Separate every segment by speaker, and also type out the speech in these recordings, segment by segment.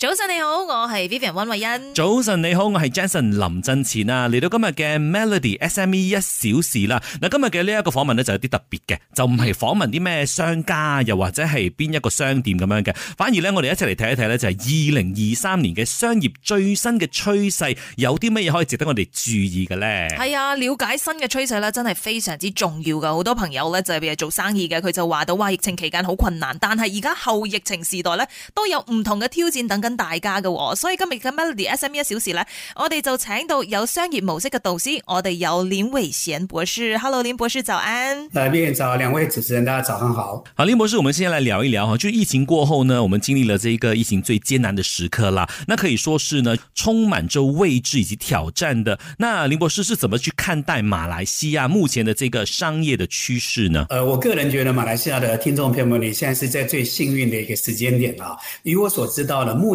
Speaker 1: 早晨你好，我係 Vivian 溫慧欣。
Speaker 2: 早晨你好，我係 Jason 林振前啊！嚟到今日嘅 Melody SME 一小時啦。嗱，今日嘅呢一個訪問咧就有啲特別嘅，就唔係訪問啲咩商家，又或者係邊一個商店咁樣嘅，反而咧我哋一齊嚟睇一睇咧就係二零二三年嘅商業最新嘅趨勢，有啲乜嘢可以值得我哋注意嘅咧？
Speaker 1: 係啊，了解新嘅趨勢咧，真係非常之重要噶。好多朋友咧就係做生意嘅，佢就話到哇疫情期間好困難，但係而家後疫情時代咧都有唔同嘅挑戰等緊。跟大家嘅、哦，所以今日嘅 MELODY SME 一小時咧，我哋就請到有商業模式嘅導師，我哋有林偉賢博士，Hello 林博士，早安！
Speaker 3: 來賓，早，兩位主持人，大家早上好。
Speaker 2: 好，林博士，我們先來聊一聊哈，就疫情過後呢，我們經歷了這一個疫情最艱難的時刻啦，那可以說是呢充滿着未知以及挑戰的。那林博士，是怎麼去看待馬來西亞目前的這個商業的趨勢呢？
Speaker 3: 呃，我個人覺得，馬來西亞的聽眾朋友，你現在是在最幸運的一個時間點啊，以我所知道嘅目，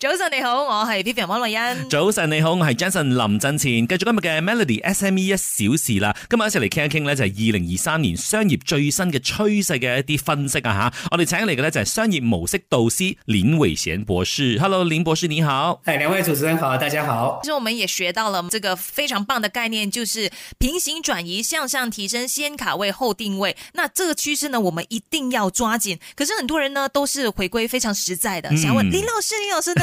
Speaker 1: 早晨你好，我是 Vivian 汪麗欣。
Speaker 2: 早晨你好，我是 Jason 林振前。繼續今日嘅 Melody SME 一小時啦，今日一齊嚟傾一傾呢，就係二零二三年商業最新嘅趨勢嘅一啲分析啊吓，我哋請嚟嘅呢，就係商業模式導師林偉賢博士。Hello 林博士，你好，係兩位主持人好，大家好。其
Speaker 1: 實我們也學到了這個非常棒的概念，就是平行轉移向上提升，先卡位後定位。那這個趨勢呢，我們一定要抓緊。可是很多人呢，都是回歸非常實在的。嗯、想問林老師，林老師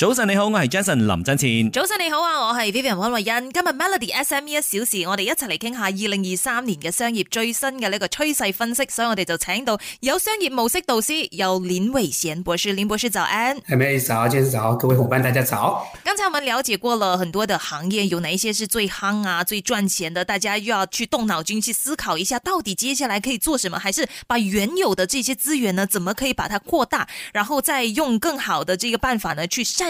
Speaker 2: 早晨你好，我係 Jason 林振前。早
Speaker 1: 晨你好啊，我係 Vivian 溫慧欣。今日 Melody SME 一小時，我哋一齊嚟傾下二零二三年嘅商業最新嘅呢個趨勢分析。所以我哋就請到有商業模式導師，有林偉賢博士，林博士早安。
Speaker 3: Morning 早早，各位夥伴大家早。
Speaker 1: 剛才我們了解過了很多的行業，有哪一些是最夯啊、最賺錢的？大家又要去動腦筋去思考一下，到底接下來可以做什麼？還是把原有的這些資源呢，怎麼可以把它擴大，然後再用更好的這個辦法呢，去善。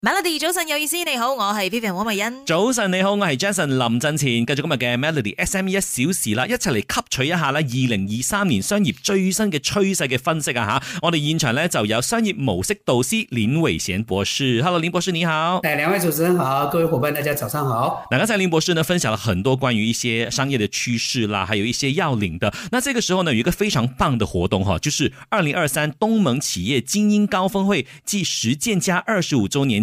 Speaker 1: Melody 早晨有意思，你好，我係 p e r r n 王慧欣。
Speaker 2: 早晨你好，我係 Jason 林振前。繼續今日嘅 Melody SME 一小時啦，一齊嚟吸取一下啦，二零二三年商業最新嘅趨勢嘅分析啊吓！我哋現場呢就有商業模式導師林偉賢博士。Hello，林博士你好。
Speaker 3: 誒，兩位主持人好，各位夥伴大家早上好。
Speaker 2: 嗱，剛才林博士呢分享了很多關於一些商業的趨勢啦，還有一些要領的。那這個時候呢有一個非常棒的活動哈，就是二零二三東盟企業精英高峰會暨實踐家二十五周年